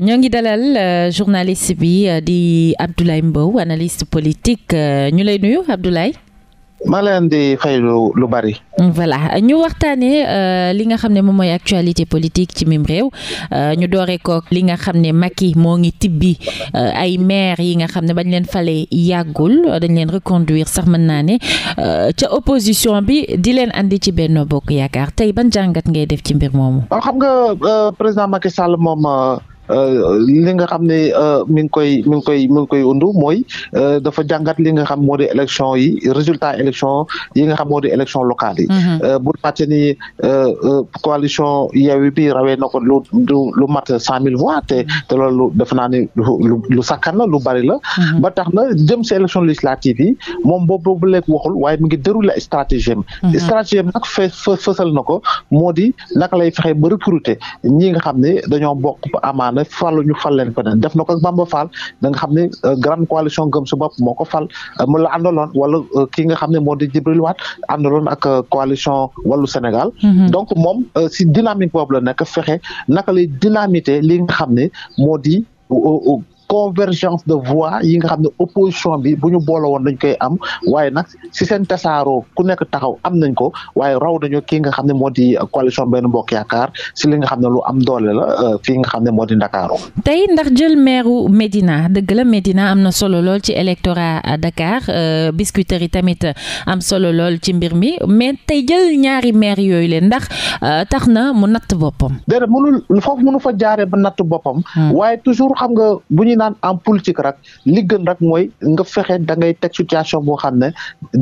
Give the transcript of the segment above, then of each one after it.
ñoo ngi dalal euh, journaliste bi euh, di Abdoulaye Mbow analyste politique euh, ñu lay nuyu Abdoulaye. maa leen di fay lu lu bari. voilà ñu waxtaanee li nga xam ne moom mooy actualité politique ci mim réew ñu dooree ko li nga xam ne Macky moo ngi tibbi euh, ay maire yi nga xam ne bañ leen fale yàggul dañ leen reconduire sax mën naa ne ca opposition bi di leen indi ci Benno Bokk Yaakaar tey ban jàngat ngay def ci mbir moomu. xam nga président Macky Sall moom. Euh, li nga xam ne euh, mi koy mi ngi koy mi ngi koy undu mooy euh, dafa jàngat li nga xam moo di élection yi résultat élection yi nga xam moo di élection locale yi mm-hmm. bu bi rawee na ko lu lu mat cent mille voix te mm-hmm. te loolu defe naa ni lu lu sakkan la lu bari la mm-hmm. ba tax na jëm si élection législative yi moom boobu bu lekk waxul waaye mi ngi déroulé stratégie am stratégie am nag na ko moo di naka lay fexe ba recruter ñi nga xam ne dañoo bokk amaana ne fàllu ñu fal leen feneen def na ko ak Bamba Fall da nga xam ne euh, grande coalition gëm su bopp moo ko fal euh, mu la àndaloon wala euh, ki nga xam ne moo di Jibril Waat àndaloon a coalition wàllu Sénégal. Mm-hmm. donc moom si dynamique boobu la nekk fexe naka lay dynamité li nga xam ne moo di. convergence de voix yi nga xam ne opposition bi bu ñu boole woon dañ koy am waaye nag si seen tasaaroo ku nekk taxaw am nañ ko waaye raw nañu ki nga xam ne moo di coalition benn mbokk yaakaar si li nga xam ne lu am doole la euh, fii nga xam ne moo di Ndakaaru tey ndax jël meeru Médina dëgg la Médina am na solo lool ci électorat Dakar euh, Biscuiterie yi tamit am solo lool ci mbir mi mais tey jël ñaari meer yooyu leen ndax euh, tax na mu natt boppam déedéet mënul foofu mënu fa jaaree ba natt boppam hmm. naan en politique rek li gën mooy nga fexe da ngay teg situation boo xam ne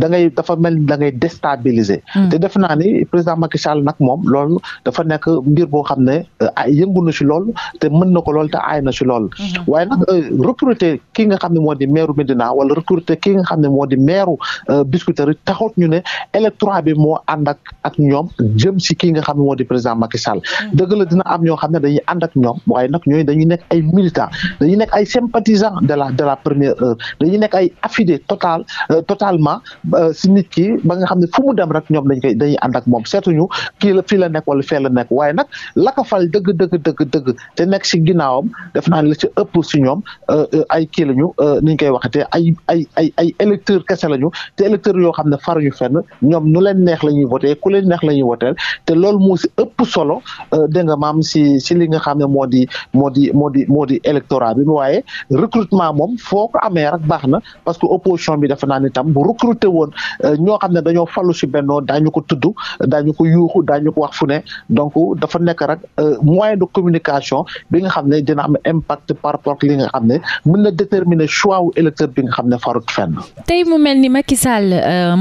da ngay dafa mel ni da ngay déstabiliser. Hmm. te def naa ni président Macky Sall nag moom lool dafa nekk mbir boo xam ne euh, yëngu na ci lool te mën na ko lool te aay na si lool. Hmm. waaye nag euh, recruter ki nga xam ne moo di maire Medina wala recruter ki nga xam ne moo di maire euh, Biscuiterie taxut ñu ne électorat bi moo ànd ak ak ñoom jëm ci ki nga xam moo di président Macky Sall. Hmm. dëgg la am ñoo xam ne dañuy ànd ak ñoom waaye nag ñooñu dañuy nekk ay militants dañuy nekk ay sympathisants de la de la première heure dañuy nekk ay affidés total euh, totalement euh, si nit ki ba nga xam ne fu mu dem rek ñoom dañ koy dañuy ànd ak moom seetuñu kii la fii la nekk wala fee la nekk waaye nag la ko dëgg dëgg dëgg dëgg te nekk si ginnaawam def naa la ci ëpp si ñoom euh, ay kii lañu ni ñu koy waxatee ay ay ay ay électeurs kese lañu te électeurs yoo xam ne faruñu fenn ñoom nu leen neex la ñuy voté ku neex la ñuy voté te loolu moo si ëpp solo dégg nga maam si si li nga xam ne moo di moo di moo di moo di électorat waaye waaye recrutement moom foo amee rek baax na parce que opposition bi defe naa ni tam bu recruter woon euh, ñoo xam ne dañoo fallu si bennoo daañu ko tudd daañu ko yuuxu daañu ko wax fu ne donc dafa nekk rek euh, moyen de communication bi nga xam ne dina am impact par rapport ak li nga na bi nga xam ne farut fenn. tey mu mel ni Macky Sall euh,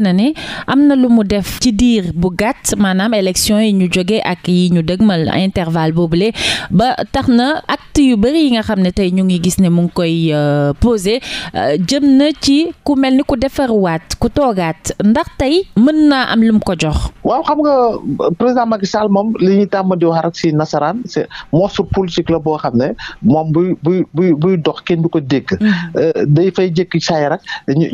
na ne am na lu mu def ci diir bu gàtt maanaam élection yi ñu jógee ak yi ñu dëgmal intervalle boobule ba tax na acte yu bëri yi nga xam ne ñu ngi gis ne mu ngi koy euh, posé euh, jëm na ci ku mel ni ku defaruwaat ku toogaat ndax tey mën naa am lu ko jox. waaw xam nga président Macky Sall moom li ñuy tàmm di wax si nasaraan c'est monstre politique la boo xam ne moom buy buy buy buy dox kenn du ko dégg. Mm-hmm. Euh, day fay jékki saay rek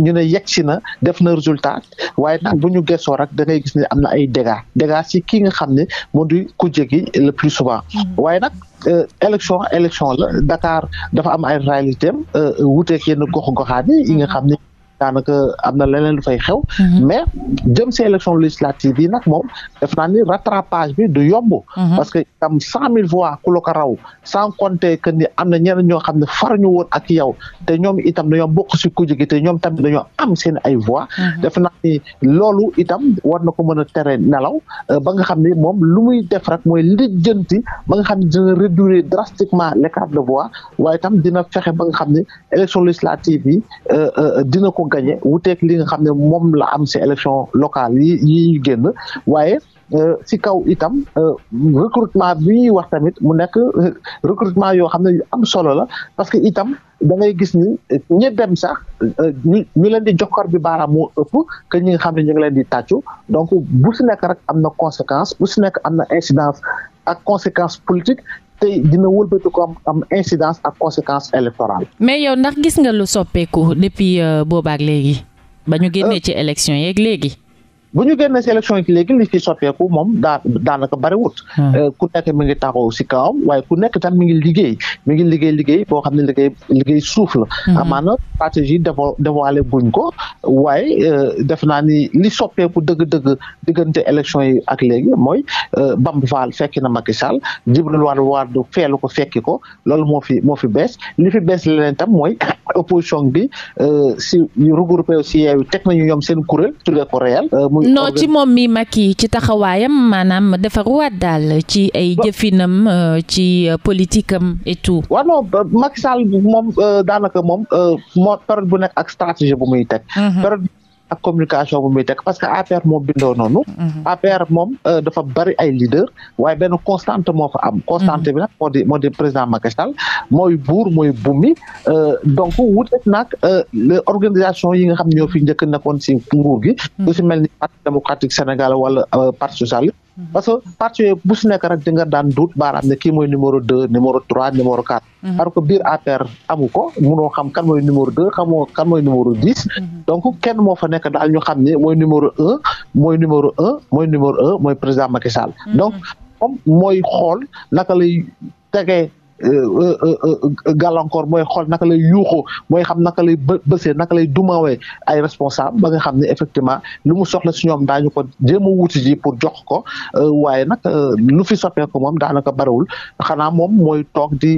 ñu ne yegg si na def na résultat waaye na bu ñu gëstoo rek da ngay gis ne am na ay dégâts dégâts si kii nga xam ne moo di ku jéggi le plus souvent mm-hmm. waaye nag. Euh, élection élection la Dakar dafa am ay réalité am euh, wuuteeg yenn gox goxaan yi nga xam ne daanaka am na leneen lu fay xew. Mhm. mais jëm si élection législative yi nag moom def naa ni rattrapage bi du yomb. Mhm. parce que tam cent mille voix ku la ko raw sans compter que ni am na ñeneen ñoo xam ne faruñu woon a yow te ñoom itam dañoo bokk si kujj gi te ñoom tamit dañoo am seen ay voix. Mhm. def naa ni loolu itam war ko mën a tere nelaw euh, ba nga xam ne moom lu muy def rek mooy lijjanti ba nga xam ne dina drastiquement l'écart de voix waaye tam dina fexe ba nga xam gagné wuuteeg li nga xam ne moom la am si élection locale yi yi ñu génn waaye si euh, kaw itam euh, recrutement bi ñuy wax tamit mu nekk euh, recrutement yoo xam ne yu am solo la parce que itam da ngay gis ni ñi dem sax ñu leen di jokkor bi baaraam moo ëpp que ñi xam ne ñu ngi leen di tàccu donc bu si nekk rek am na conséquence bu si nekk am na incidence ak conséquence politique tey dina wëlbati ko am am incidence ak conséquence électorale mais yow ndax gis nga lu soppeeku depuis euh, boobaak léegi ba ñu génnee euh, ci élection yeeg léegi bu ñu génnee si élection yi léegi li fi soppeeku moom daa daanaka bariwut hmm. euh, ku nekk mi ngi taxaw si kawam waaye ku nekk tam mi ngi liggéey mi ngi liggéey liggéey boo xam ne liggéey liggéey suuf la hmm. amaana stratégie dévoilé buñ ko waaye euh, def naa ni li soppeeku dëgg-dëgg diggante élection yi ak léegi mooy euh, Bamba Fall fekki na Macky Sall Djibril Wade Wade feelu ko fekki ko loolu moo fi moo fi bees li fi bees leneen tam mooy opposition bi si regroupé si yeewu teg nañu ñoom seen kuréel tuddee ko réel non ci moom mi yi ci taxawaayam maanaam defaruwaat daal ci ay jëfinam euh, ci euh, politique am et tout. waaw non moom euh, daanaka moom moo période bu nekk ak stratégie bu muy teg. Mhm. ak communication bu muy teg parce que APR moom bindoo noonu. Mhm. APR moom euh, dafa bari ay leader waaye benn constante moo am. constante mhm. bi nag moo moo di président Macky Sall mooy buur mooy bumi euh, donc wuteet nag euh, les organisations yi nga xam ñoo fi njëkk nekkoon si nguur gi. Mhm. lu si mel ni parti démocratique Sénégal wala parti socialiste. Mm-hmm. parce que parti yooyu bu si nekk rek di nga daan duut baaraam ne kii mooy numéro deux numéro trois numéro quatre. parce mm-hmm. que biir APR amu ko munoo xam kan mooy numéro deux xamoo kan mooy numéro dix. Mm-hmm. donc kenn moo fa nekk daal ñu xam ne mooy numéro un mooy numéro un mooy numéro un mooy président Macky Sall. donc mooy xool naka lay tegee. Euh, euh, euh, gàllankoor mooy xool naka lay yuuxo mooy xam naka lay bë bësee naka lay dumawee ay responsable ba nga xam ne effectivement lu mu soxla si ñoom daañu ko jéem a wuti ji pour jox ko waaye nag lu fi soppeeku moom daanaka bariwul xana moom mooy toog di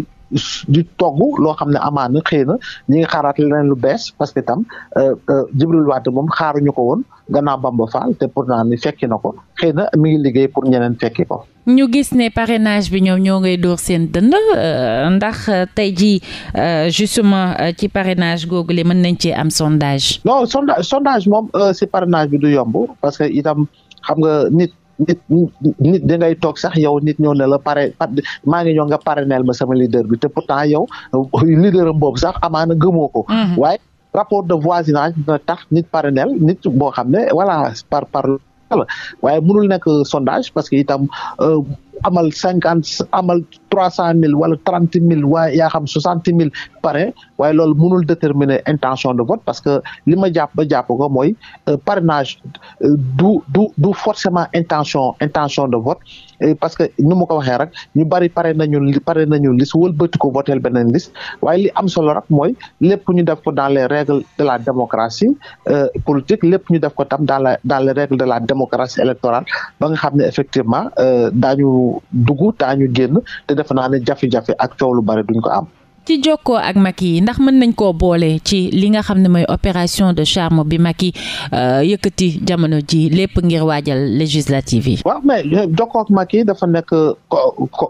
di togg loo xam ne amaana xëy na ñi ngi xaaraat leneen lu bees parce que tam euh, euh, Djibril Wade moom xaaruñu ko woon gannaaw Bamba Fall te pourtant ni fekki na ko xëy na mi ngi liggéey pour ñeneen fekki ko. ñu gis ne parenage bi ñoom ñoo ngay dóor seen dënd euh, ndax tey jii justement ci parrainage googu le mën nañ ci am sondage. non sondage sondage moom si parrainage bi du yomb parce que itam xam nga nit. nit nit da ngay toog sax yow nit ñoo ne la pare maa ngi ñoo nga parrainel ma sama leader bi te ta yow leader am boobu sax amaana gëmoo ko. Mm-hmm. waaye rapport de voisinage dina tax nit parrainel nit boo xam ne voilà par par. waaye mënul nekk sondage parce que itam euh, amal cinquante amal trois cent mille wala trente mille waaye yaa xam soixante mille parrain waaye loolu mënul déterminer intention de vote parce que li ma jàpp ba jàpp mooy euh, parrainage euh, du du du forcément intention intention de vote Eh, parce que nu mu ko waxee rek ñu bari pare nañu pare nañu liste wëlbati ko votel beneen liste waaye li am solo rek mooy lépp ñu def ko dans les règles de la démocratie euh, politique lépp ñu def ko tam dans la dans les règles de la démocratie électorale ba nga xam ne effectivement euh, daañu dugg daañu génn te defe naa ne jafe-jafe ak coow lu bari duñ ko am. ci jokkoo ak Macky yi ndax mën nañ koo boole ci li nga xam ne mooy opération de charme bi Macky euh, yëkkati jamono ji lépp ngir waajal législative yi. waaw mais jokkoo ak Macky dafa nekk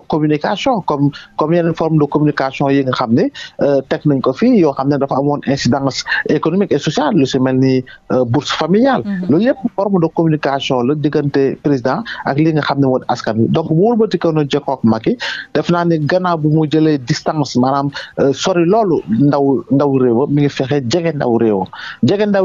communication comme comme yeneen forme de communication yi nga xam ne euh, teg nañ ko fii yoo xam ne dafa amoon incidence économique et sociale lu si mel ni euh, bourse familiale. Mhm. loolu yëpp forme de communication la diggante président ak li nga xam ne mooy askan wi donc bu wëlbati ko na jokkoo ak def naa ne gannaaw distance maanaam. Euh, sori loolu ndaw ndaw réewam mi ngi fexe jege ndaw réewam jege ndaw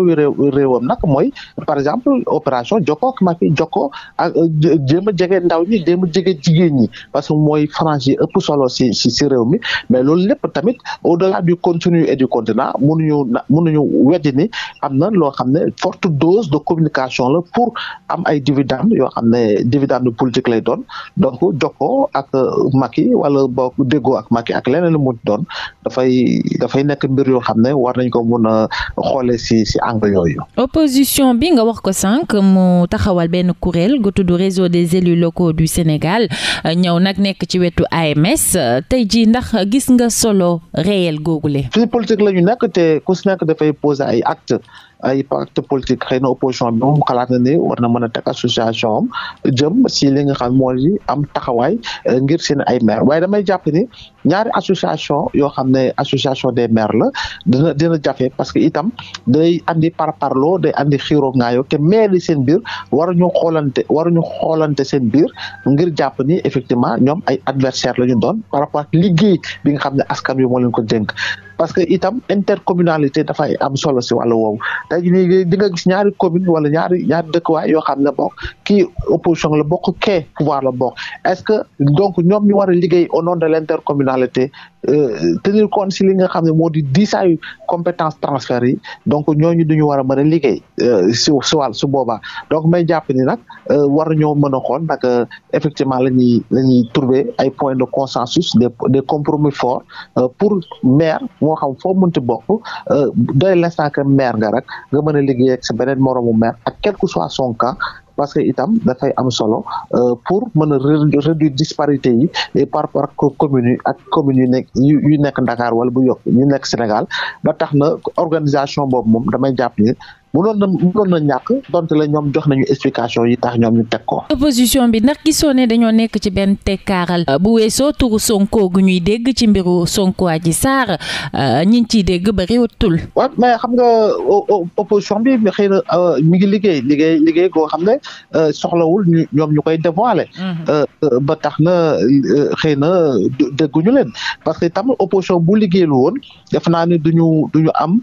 réewam nag mooy par exemple opération joko ak Macky jokkoo ak euh, jéem a jege ndaw ñi jéem jege jigéen ñi parce que mooy frange yi ëpp solo si si si réew mi mais loolu lépp tamit au delà du contenu et du contenant mënuñu na mënuñu weddi ni am na loo xam ne forte dose de communication la pour am ay dividende yoo xam ne dividende politique lay doon donc jokkoo ak euh, Macky wala boog déggoo ak Macky ak leneen lu mu doon dafay dafay nekk mbir yoo xam ne war nañ ko mun a xoolee si si angle yooyu. opposition bi nga wax ko sànq mu taxawal benn kuréel gu tudd réseau des élus locaux du Sénégal ñow nag nekk ci wetu AMS tey jii ndax gis nga solo réel googule. le politique la ñu nekk te ku si dafay poser ay acte ay parti politique xëy na opposition bi moom xalaat na ni war na mën a tak association am jëm si li nga xam moo di am taxawaay eh, ngir seen ay maire waaye damay jàpp ni ñaari association yoo xam ne association des maires la dina dina jafe parce que itam day andi par parlo day andi xiiroo ngaayoo te maire yi seen biir waruñu xoolante waruñu xoolante seen biir ngir jàpp ni effectivement ñoom ay adversaire la ñu doon par rapport ak liggéey bi nga xam ne askan wi moo leen ko dénk parce que itam intercommunalité dafa am solo si wala woowu tey jii di nga gis ñaari commune wala ñaari dëkk dëkkuwaay yoo xam ne bokk kii opposition la bokk kee pouvoir la bokk est-ce que nationalité euh, tenir compte si li nga xam ne moo di diisaayu compétence transfert yi donc ñooñu duñu war a mën a liggéey euh, si si wàll su boobaa donc may jàpp ni nag euh, war ñoo mën a xool nag effectivement la ñuy la ñuy trouver ay de consensus des des compromis forts pour maire moo xam foo mënti bokk dès l'instant que maire nga rek nga mën a liggéey ak sa beneen moroomu maire ak quel soit son parce que itam dafay am solo euh, pour mën a réduire disparité yi et par par commune ak commune yu nekk yu nekk Dakar wala bu yokk ñu nekk Sénégal ba tax na organisation boobu moom damay jàpp ni mënoon na a na ñàkk donte la ñoom jox nañu explication yi tax ñoom ñu teg ko. opposition bi ndax gisoo ne dañoo nekk ci benn tekkaaral euh, bu weesoo turu Sonko gu ñuy dégg ci mbiru Sonko Adji Sarr euh, ñi ci dégg ba réwatul. waaw mais xam nga opposition bi xëy na euh, mi ngi liggéey liggéey liggéey koo xam ne soxlawul ñu ñoom ñu koy dévoiler. Mhm. ba tax na xëy na dégguñu leen parce que tam opposition bu liggéeylu woon def na ne duñu duñu am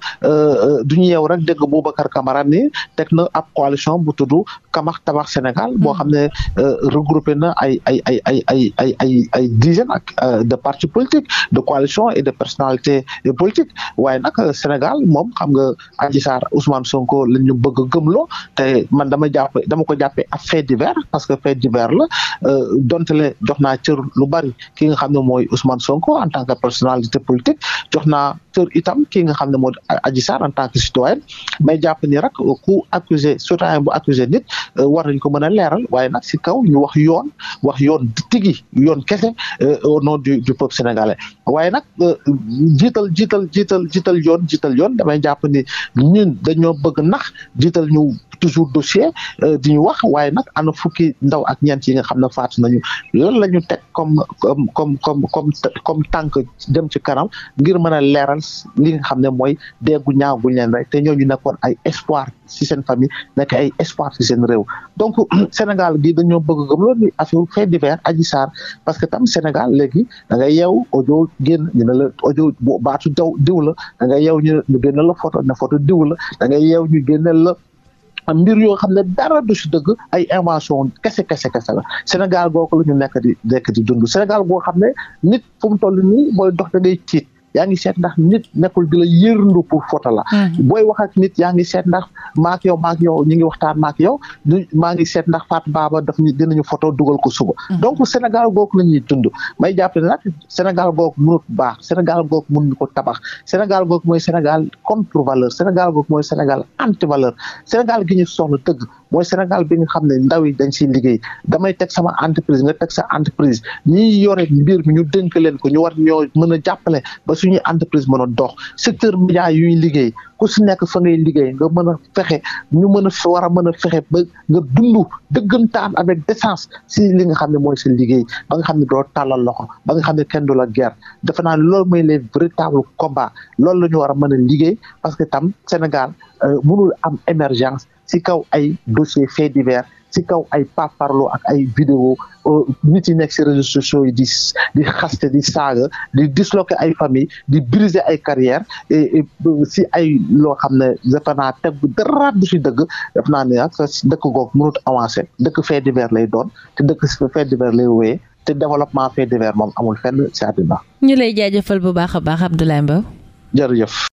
duñu yeew rek dégg Boubacar Camara ni teg na ab coalition bu tudd Kamax Tabax Sénégal boo hmm. xam ne euh, regroupé na ay ay ay ay ay ay ay ay dizaine ak euh, de parti politiques de coalition et de personnalités politiques waaye nag euh, Sénégal moom xam nga Adji Sarr Ousmane Sonko la ñu bëgg a te man dama jàpp dama ko jàppee ab fait divers parce que fait divers la donte le jox naa cër lu bari ki nga xam ne mooy Ousmane Sonko en tant que personnalité politique jox acteur itam ki nga xam ne moo di Adji Sarr en tant citoyen may jàpp ni rek ku accusé citoyen bu accusé nit euh, war nañ ko mën a leeral waaye nag si kaw ñu wax yoon wax yoon tigi yoon kese euh, au no du du peuple sénégalais waaye nag euh, jiital jiital jiital jiital yoon jiital yoon damay jàpp ni dañoo bëgg nax jiital ñu toujours dossier di ñu wax waaye nag ana fukki ndaw ak ñeent yi nga xam ne faatu nañu lan la ñu teg kom kom comme comme comme tànk dem ci kanam ngir mën a leeral li nga xam ne mooy déggu ñaaw guñ leen rek te ñooñu nekkoon ay espoir ci seen famille nekk ay espoir ci seen réew donc Sénégal gi dañoo bëgg gëm loolu ni affaire fait divers Adji parce que tam Sénégal léegi da ngay yeew audio génn ñu ne la audio baatu daw diw la da ngay yeew ñu ñu génne la photo ne photo diw la da ngay yeew ñu génne la mbir yoo xam ne dara du si dëgg ay invention kese kese kese la Sénégal googu la ñu di dund Sénégal goo xam ne nit fu mu toll dox da ngay tiit yaa ngi seet ndax nit nekkul di la yërndu pour foto la mm-hmm. booy wax ak nit yaa ngi seet ndax maak yow maak yow ñu ngi waxtaan maak yow maa ngi seet ndax faat baaba Baba daf ñu dinañu foto dugal ko suba mm-hmm. donc Sénégal googu la ñuy tund may jàpp ne nag Sénégal googu mënut baax Sénégal googu mun ko tabax Sénégal googu mooy Sénégal contre valeur Sénégal googu mooy Sénégal anti valeur Sénégal gi ñu soxla dëgg mooy Sénégal bi nga xam ne ndaw yi dañ siy liggéey damay teg sama entreprise nga teg sa entreprise ñi yore mbir mi ñu dënk leen ko ñu war ñoo mën a jàppale ba suñu entreprise mën a dox secteur média yuy liggéey ku si nekk fa ngay liggéey nga mën a fexe ñu mën a war a mën a fexe ba nga dund dëggantaan avec décence si li nga xam ne mooy sa liggéey ba nga xam ne doo tàllal loxo ba nga xam ne kenn du la guerre defe naa loolu mooy les véritables combats loolu la ñu war mën a liggéey parce que tam Sénégal euh, mënul am émergence ci kaw ay dossier fait divers ci kaw ay paparloo ak ay vidéo euh, nit yi nekk ci réseaux sociaux yi di di xaste di saaga di disloquer ay famille di briser ay carrière si euh, ay loo xam ne defe naa teg bu dara du si dëgg def naa ne ak ah, dëkk goog mënut avancé dëkk fait divers lay doon te dëkk fait divers lay wéyee te développement fait divers moom amul fenn ci àddina ñu lay jaajëfal bu baax a baax Abdoulaye Mbow jërëjëf